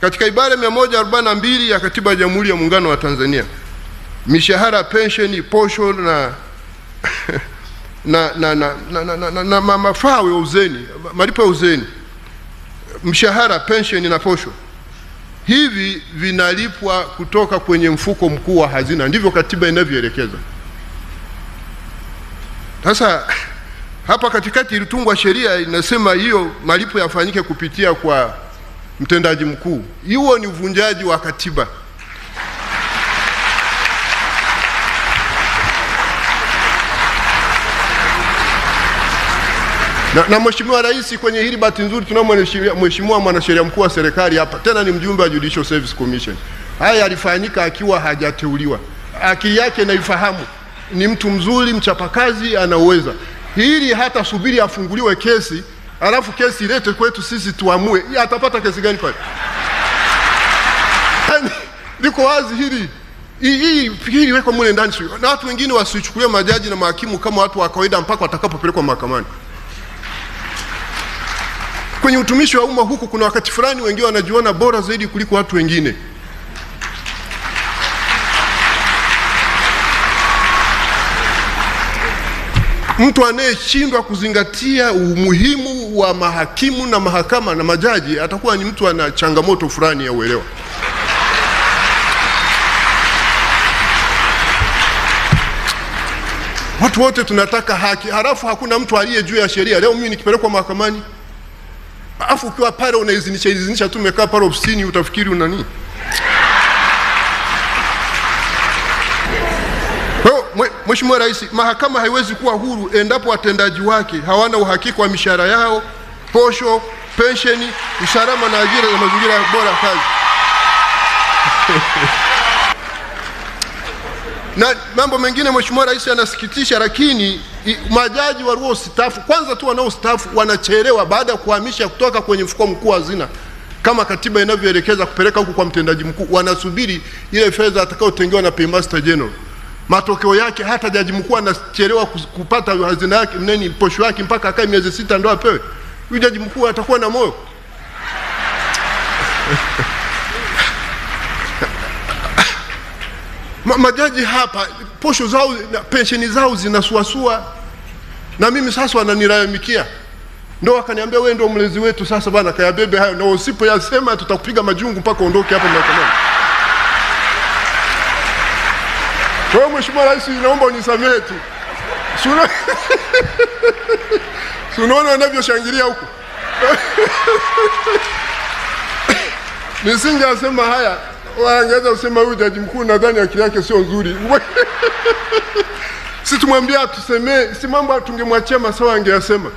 Katika ibara ya 142 ya Katiba ya Jamhuri ya Muungano wa Tanzania, mishahara, pensheni, posho na na na na, na, na, na, na, na mafao ya uzeni, malipo ya uzeni, mshahara, pensheni na posho hivi vinalipwa kutoka kwenye mfuko mkuu wa hazina, ndivyo katiba inavyoelekeza. Sasa hapa katikati ilitungwa sheria inasema hiyo malipo yafanyike kupitia kwa mtendaji mkuu, huo ni uvunjaji wa katiba. Na, na Mheshimiwa Rais kwenye hili, bahati nzuri tunao Mheshimiwa mwanasheria mkuu wa serikali hapa, tena ni mjumbe wa Judicial Service Commission. Haya yalifanyika akiwa hajateuliwa, akili yake naifahamu, ni mtu mzuri, mchapakazi, anaweza hili, hata subiri afunguliwe kesi alafu kesi ilete kwetu sisi tuamue atapata kesi gani pale? Liko yaani, wazi hili, hii hii iwekwe mule ndani, na watu wengine wasichukulie majaji na mahakimu kama watu wa kawaida mpaka watakapopelekwa mahakamani. Kwenye utumishi wa umma huku, kuna wakati fulani wengine wanajiona bora zaidi kuliko watu wengine. Mtu anayeshindwa kuzingatia umuhimu wa mahakimu na mahakama na majaji atakuwa ni mtu ana changamoto fulani ya uelewa. Watu wote tunataka haki, halafu hakuna mtu aliye juu ya sheria. Leo mimi nikipelekwa mahakamani, afu ukiwa pale unaizinisha izinisha tu, umekaa pale ofisini, utafikiri una nini? Mheshimiwa Rais, mahakama haiwezi kuwa huru endapo watendaji wake hawana uhakika wa mishahara yao, posho, pensheni, usalama na ajira za mazingira bora kazi. na mambo mengine Mheshimiwa Rais anasikitisha, lakini majaji waliostaafu kwanza tu wanaostaafu wanachelewa baada ya kuhamisha kutoka kwenye mfuko mkuu wa hazina kama katiba inavyoelekeza kupeleka huku kwa mtendaji mkuu, wanasubiri ile fedha atakayotengewa na Paymaster General matokeo yake hata jaji mkuu anachelewa kupata hazina yake nini posho yake mpaka akae miezi sita ndo apewe huyu jaji mkuu atakuwa na moyo Ma, majaji hapa posho zao na pensheni zao zinasuasua na mimi sasa wananilalamikia ndo akaniambia wewe ndo mlezi wetu sasa bana kayabebe hayo na usipoyasema tutakupiga majungu mpaka uondoke hapa mahakamani Kwa hiyo Mheshimiwa Rais, naomba unisamehe tu. Si unaona wanavyoshangilia huko nisingeasema haya, wangeweza kusema huyu jaji mkuu nadhani akili yake sio nzuri si tumwambia atusemee, si mambo tungemwachia Masawe angeyasema.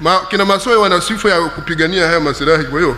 Ma, kina masowe wana sifa ya kupigania haya masilahi, kwa hiyo